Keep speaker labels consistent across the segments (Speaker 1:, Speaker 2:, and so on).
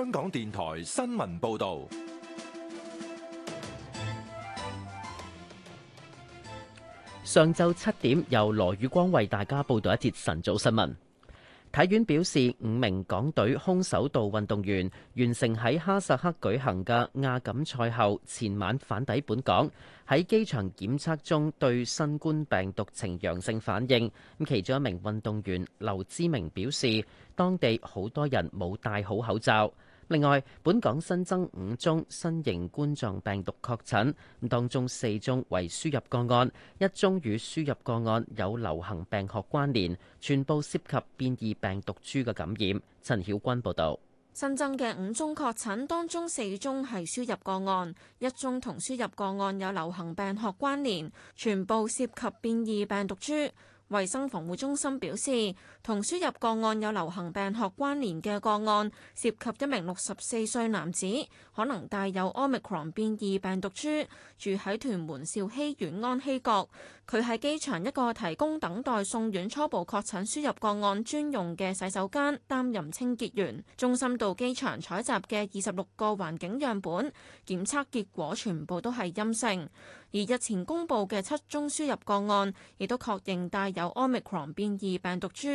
Speaker 1: 香港電
Speaker 2: 台新聞報道，
Speaker 3: 上晝七點由羅宇光為大家報道一節晨早新聞。體院表示，五名港隊空手道運動員完成喺哈薩克舉行嘅亞錦賽後，前晚返抵本港，喺機場檢測中對新冠病毒呈陽性反應。咁其中一名運動員劉之明表示，當地好多人冇戴好口罩。另外，本港新增五宗新型冠狀病毒確診，當中四宗為輸入個案，一宗與輸入個案有流行病學關聯，全部涉及變異病毒株嘅感染。陳曉君報道。
Speaker 1: 新增嘅五宗確診當中四宗係輸入個案，一宗同輸入個案有流行病學關聯，全部涉及變異病毒株。衛生防護中心表示，同輸入個案有流行病學關聯嘅個案，涉及一名六十四歲男子，可能帶有 Omicron 變異病毒株，住喺屯門兆禧苑安禧閣。佢喺機場一個提供等待送院初步確診輸入個案專用嘅洗手間擔任清潔員。中心到機場採集嘅二十六個環境樣本檢測結果全部都係陰性。而日前公布嘅七宗輸入個案，亦都確認帶有奧密克戎變異病毒株。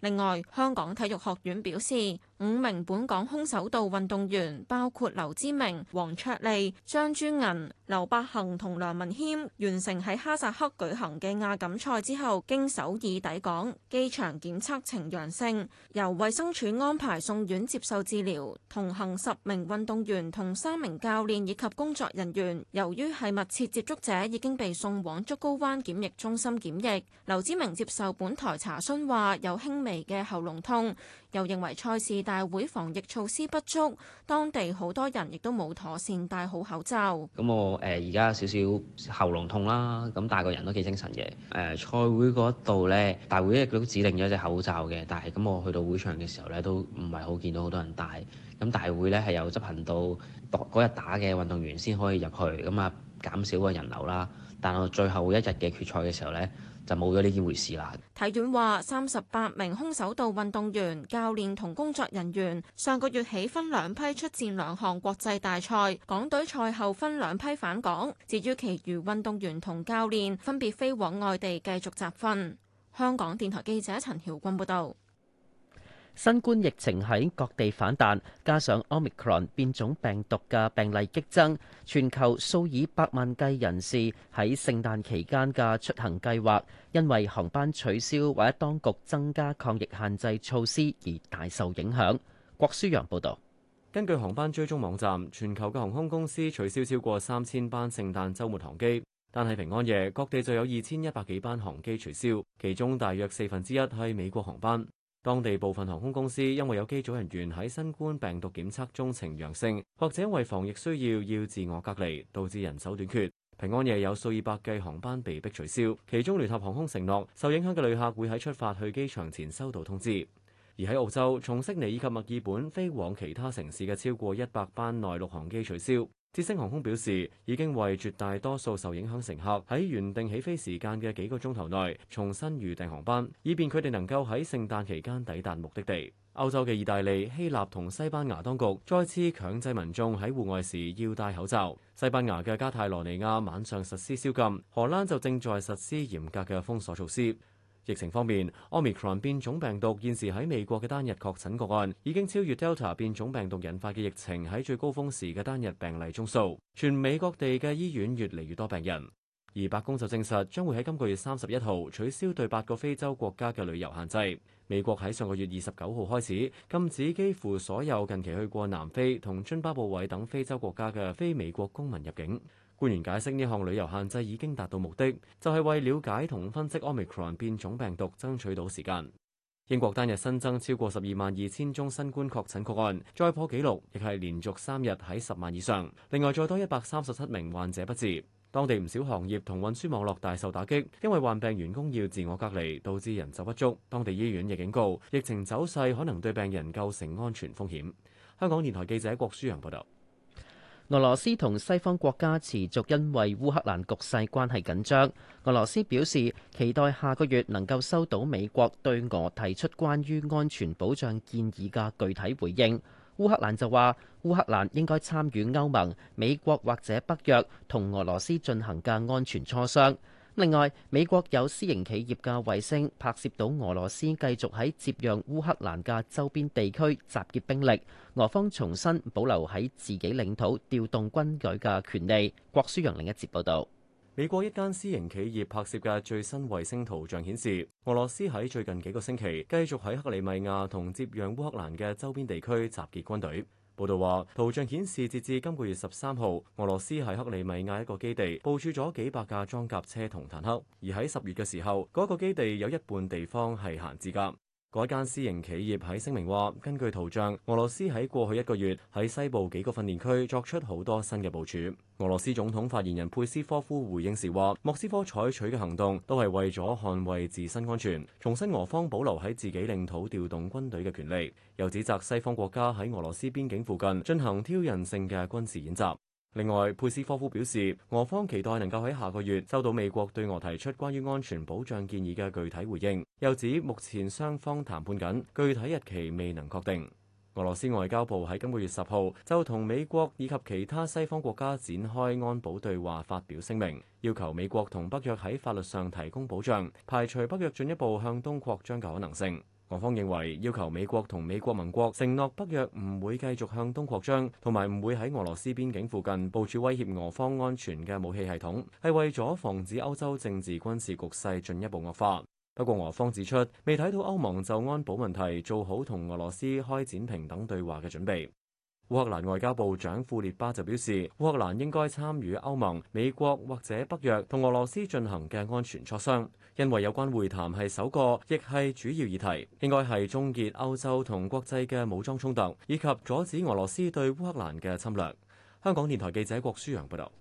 Speaker 1: 另外，香港體育學院表示，五名本港空手道運動員包括劉之明、黃卓利、張珠銀、劉百恒同梁文謙完成喺哈薩克舉行嘅亞錦賽之後經首爾抵港，機場檢測呈陽性，由衛生署安排送院接受治療。同行十名運動員同三名教練以及工作人員由於係密切接觸者，已經被送往竹篙灣檢疫中心檢疫。劉之明接受本台查詢話有輕微嘅喉嚨痛，又認為賽事。大會防疫措施不足，當地好多人亦都冇妥善戴好口罩。
Speaker 3: 咁我誒而家少少喉嚨痛啦，咁大個人都幾精神嘅。誒、呃、賽會嗰度呢，大會亦都指定咗一隻口罩嘅，但係咁我去到會場嘅時候呢，都唔係好見到好多人戴。咁大會呢，係有執行到當嗰日打嘅運動員先可以入去咁啊。減少個人流啦，但我最後一日嘅決賽嘅時候咧，就冇咗呢件回事啦。
Speaker 1: 體院話，三十八名空手道運動員、教練同工作人員，上個月起分兩批出戰兩項國際大賽，港隊賽後分兩批返港，至於其餘運動員同教練分別飛往外地繼續集訓。香港電台記者陳曉君報道。
Speaker 3: 新冠疫情喺各地反彈，加上 omicron 變種病毒嘅病例激增，全球數以百萬計人士喺聖誕期間嘅出行計劃，因為航班取消或者當局增加抗疫限制措施而大受影響，郭書陽報道。根據航班
Speaker 4: 追蹤網站，全球嘅航空公司取消超過三千班聖誕周末航機，但係平安夜，各地就有二千一百幾班航機取消，其中大約四分之一係美國航班。當地部分航空公司因為有機組人員喺新冠病毒檢測中呈陽性，或者因為防疫需要要自我隔離，導致人手短缺。平安夜有數以百計航班被迫取消，其中聯合航空承諾受影響嘅旅客會喺出發去機場前收到通知。而喺澳洲，從悉尼以及墨爾本飛往其他城市嘅超過一百班內陸航機取消。捷星航空表示，已經為絕大多數受影響乘客喺原定起飛時間嘅幾個鐘頭內重新預訂航班，以便佢哋能夠喺聖誕期間抵達目的地。歐洲嘅意大利、希臘同西班牙當局再次強制民眾喺戶外時要戴口罩。西班牙嘅加泰羅尼亞晚上實施宵禁，荷蘭就正在實施嚴格嘅封鎖措施。疫情方面，Omicron 變種病毒現時喺美國嘅單日確診個案已經超越 Delta 變種病毒引發嘅疫情喺最高峰時嘅單日病例宗數。全美各地嘅醫院越嚟越多病人，而白宮就證實將會喺今個月三十一號取消對八個非洲國家嘅旅遊限制。美國喺上個月二十九號開始禁止幾乎所有近期去過南非同津巴布韋等非洲國家嘅非美國公民入境。官員解釋呢項旅遊限制已經達到目的，就係為了解同分析 Omicron 變種病毒爭取到時間。英國單日新增超過十二萬二千宗新冠確診個案，再破紀錄，亦係連續三日喺十萬以上。另外，再多一百三十七名患者不治。當地唔少行業同運輸網絡大受打擊，因為患病員工要自我隔離，導致人手不足。當地醫院亦警告，疫情走勢可能對病人構成安全風險。香港電台記者郭舒
Speaker 3: 揚報道。俄羅斯同西方國家持續因為烏克蘭局勢關係緊張。俄羅斯表示，期待下個月能夠收到美國對俄提出關於安全保障建議嘅具體回應。烏克蘭就話，烏克蘭應該參與歐盟、美國或者北約同俄羅斯進行嘅安全磋商。另外，美國有私營企業嘅衛星拍攝到俄羅斯繼續喺接壤烏克蘭嘅周邊地區集結兵力，俄方重新保留喺自己領土調動軍隊嘅權利。郭書陽另一節報導，美國
Speaker 4: 一間私營企業拍攝嘅最新衛星圖像顯示，俄羅斯喺最近幾個星期繼續喺克里米亞同接壤烏克蘭嘅周邊地區集結軍隊。報道話，圖像顯示截至今個月十三號，俄羅斯喺克里米亞一個基地部署咗幾百架裝甲車同坦克，而喺十月嘅時候，嗰、那個基地有一半地方係閒置㗎。嗰間私營企業喺聲明話，根據圖像，俄羅斯喺過去一個月喺西部幾個訓練區作出好多新嘅部署。俄羅斯總統發言人佩斯科夫回應時話，莫斯科採取嘅行動都係為咗捍衛自身安全，重申俄方保留喺自己領土調動軍隊嘅權利，又指責西方國家喺俄羅斯邊境附近進行挑釁性嘅軍事演習。另外，佩斯科夫表示，俄方期待能夠喺下個月收到美國對俄提出關於安全保障建議嘅具體回應。又指目前雙方談判緊，具體日期未能確定。俄羅斯外交部喺今個月十號就同美國以及其他西方國家展開安保對話，發表聲明，要求美國同北約喺法律上提供保障，排除北約進一步向東擴張嘅可能性。俄方認為，要求美國同美國盟國承諾北約唔會繼續向東擴張，同埋唔會喺俄羅斯邊境附近部署威脅俄方安全嘅武器系統，係為咗防止歐洲政治軍事局勢進一步惡化。不過，俄方指出，未睇到歐盟就安保問題做好同俄羅斯開展平等對話嘅準備。烏克蘭外交部長庫列巴就表示，烏克蘭應該參與歐盟、美國或者北約同俄羅斯進行嘅安全磋商，因為有關會談係首個，亦係主要議題，應該係終結歐洲同國際嘅武裝衝突，以及阻止俄羅斯對烏克蘭
Speaker 3: 嘅侵略。香港電台記者郭舒陽報道。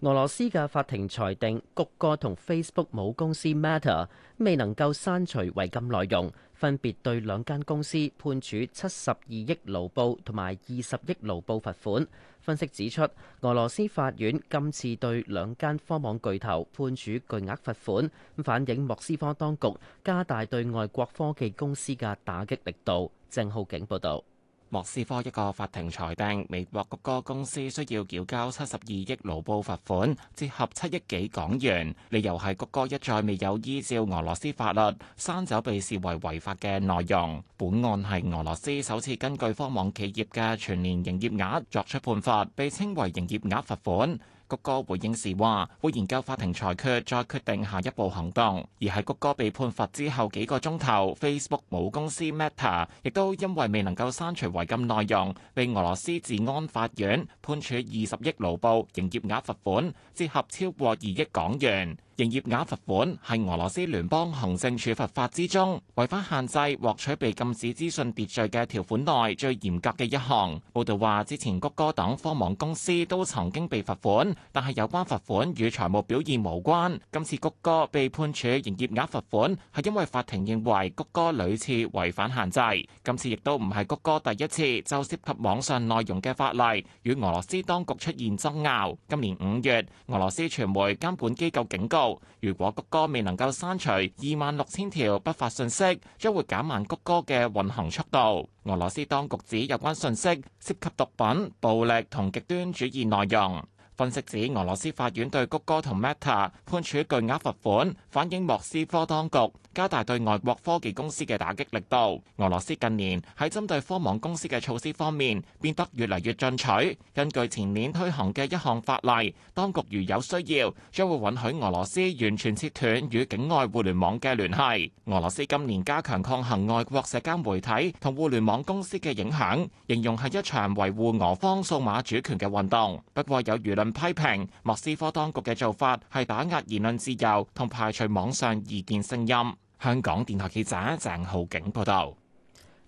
Speaker 3: 俄羅斯嘅法庭裁定，谷歌同 Facebook 母公司 Meta 未能夠刪除違禁內容，分別對兩間公司判處七十二億盧布同埋二十億盧布罰款。分析指出，俄羅斯法院今次對兩間科網巨頭判處巨額罰款，反映莫斯科當局加大對外國科
Speaker 2: 技公司嘅打擊力度。鄭浩景報道。莫斯科一個法庭裁定，美國谷歌公司需要繳交七十二億盧布罰款，折合七億幾港元。理由係谷歌一再未有依照俄羅斯法律刪走被視為違法嘅內容。本案係俄羅斯首次根據科網企業嘅全年營業額作出判罰，被稱為營業額罰款。谷歌回應時話，會研究法庭裁決，再決定下一步行動。而喺谷歌被判罰之後幾個鐘頭，Facebook 母公司 Meta 亦都因為未能夠刪除違禁內容，被俄羅斯治安法院判處二十億盧布營業額罰款，折合超過二億港元。營業額罰款係俄羅斯聯邦行政處罰法之中違反限制獲取被禁止資訊秩序嘅條款內最嚴格嘅一項。報道話，之前谷歌等科網公司都曾經被罰款，但係有關罰款與財務表現無關。今次谷歌被判處營業額罰款，係因為法庭認為谷歌屢次違反限制。今次亦都唔係谷歌第一次就涉及網上內容嘅法例與俄羅斯當局出現爭拗。今年五月，俄羅斯傳媒監管機構警告。如果谷歌未能夠刪除二萬六千條不法信息，將會減慢谷歌嘅運行速度。俄羅斯當局指有關信息涉及毒品、暴力同極端主義內容。分析指，俄羅斯法院對谷歌同 Meta 判處巨額罰款，反映莫斯科當局加大對外國科技公司嘅打擊力度。俄羅斯近年喺針對科網公司嘅措施方面，變得越嚟越進取。根據前年推行嘅一項法例，當局如有需要，將會允許俄羅斯完全切斷與境外互聯網嘅聯繫。俄羅斯今年加強抗衡外國社交媒體同互聯網公司嘅影響，形容係一場維護俄方數碼主權嘅運動。不過有輿論批評莫斯科當局嘅做法係打壓言論自由同排除網上意見聲音。香港電台記者鄭浩景報道。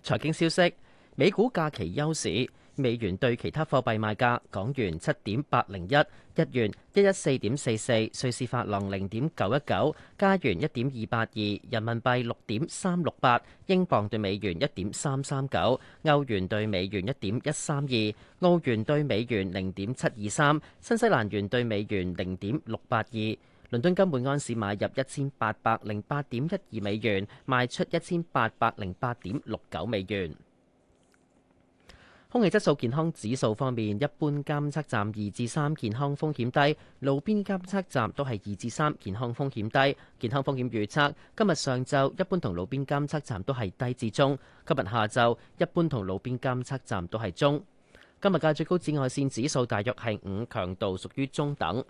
Speaker 2: 財經消息：美股假期休市。美元兌
Speaker 3: 其他貨幣賣價：港元七點八零一，日元一一四點四四，瑞士法郎零點九一九，加元一點二八二，人民幣六點三六八，英鎊兌美元一點三三九，歐元兌美元一點一三二，澳元兌美元零點七二三，新西蘭元兌美元零點六八二。倫敦金每安士買入一千八百零八點一二美元，賣出一千八百零八點六九美元。空氣質素健康指數方面，一般監測站二至三，健康風險低；路邊監測站都係二至三，健康風險低。健康風險預測今日上晝一般同路邊監測站都係低至中，今日下晝一般同路邊監測站都係中。今日嘅最高紫外線指數大約係五，強度屬於中等。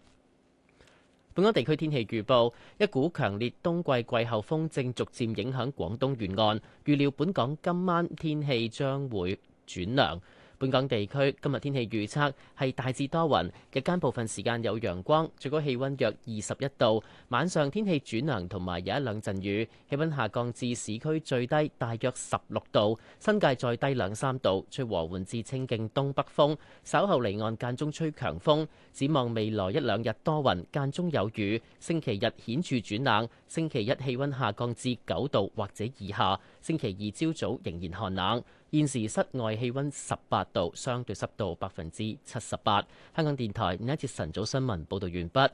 Speaker 3: 本港地區天氣預報，一股強烈冬季季候風正逐漸影響廣東沿岸，預料本港今晚天氣將會轉涼。本港地區今日天氣預測係大致多雲，日間部分時間有陽光，最高氣温約二十一度。晚上天氣轉涼同埋有一兩陣雨，氣温下降至市區最低大約十六度，新界再低兩三度，吹和緩至清勁東北風。稍後離岸間中吹強風。展望未來一兩日多雲，間中有雨。星期日顯著轉冷，星期一氣温下降至九度或者以下，星期二朝早仍然寒冷。現時室外氣温十八度，相對濕度百分之七十八。香港電台呢一節晨早新聞報道完畢。